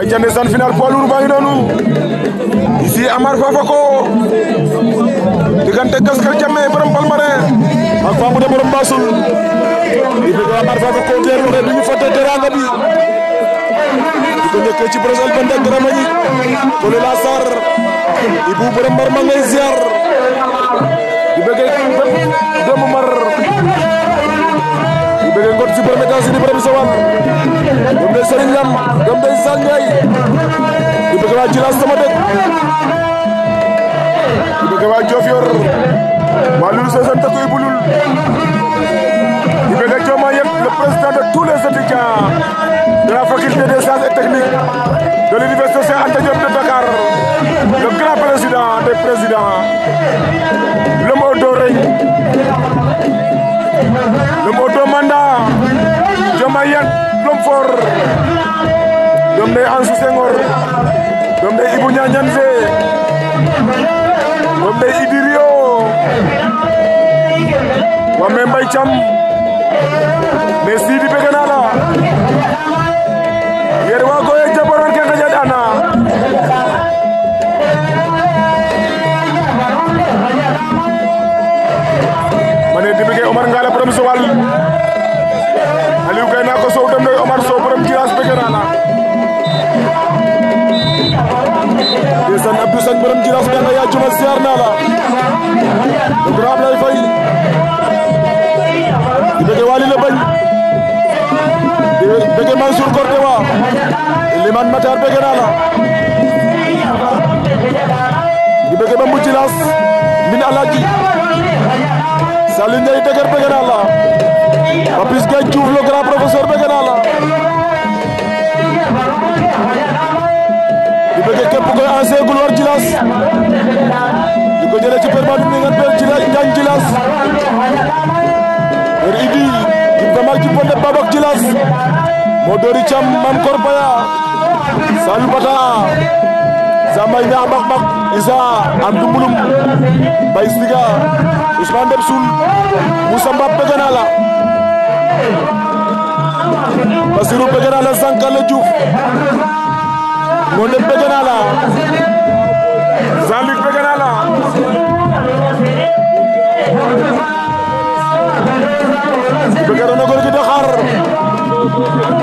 ay ca ndeysaan final poids lourd baa ngi noonu ici Amar Fafako diggante Gaskal Jamme borom Palmarin ak Fambouda borom Bassoul di bëgg Amar Fafako teeru ne du ñu fàtte teranga bi di ko njëkkee ci Brésil Bende Gramañi Tolé Lassar Ibou borom Mbar ma ngay ziar ci président de tous les syndicats de la faculté des sciences et techniques de l'université Cheikh Anta Diop de Dakar le grand président des président l'homme au Mayan Lomfor For Ansu Sengor Dombe Ibu doom day Ibou Idirio Wame Mbay cham, ne di bëgg Yerwa Goye Jabaran kenn xajat ana ma di bëgg Omar Ngala borom Sëñ borom Jaraaf nee na yaa juma ziar naa la le grand Ablaye Faye di bëgg Waly la bañ di bëgg Mansour Kortewa Liman Matar bëgg naa la di bëgg Bambou Djilas min Alaaji Saliou Ndiaye dëgër bëgg naa la Papis Gaye Diouf le grand professeur Djilass di ko jëlee ci Père Badou jelas ngeen Père Njaañ Djilass Père Idi Babak jelas moo doori cam Mam Korpaya Salu Bata Zamay ini Mak bak Isa Abdou Mbulum Bay Siga Usman Deb Soul Moussa Mbab Pegana la Basiru Pegana la Sankale Diouf moo dem Pegana góor gi di xaar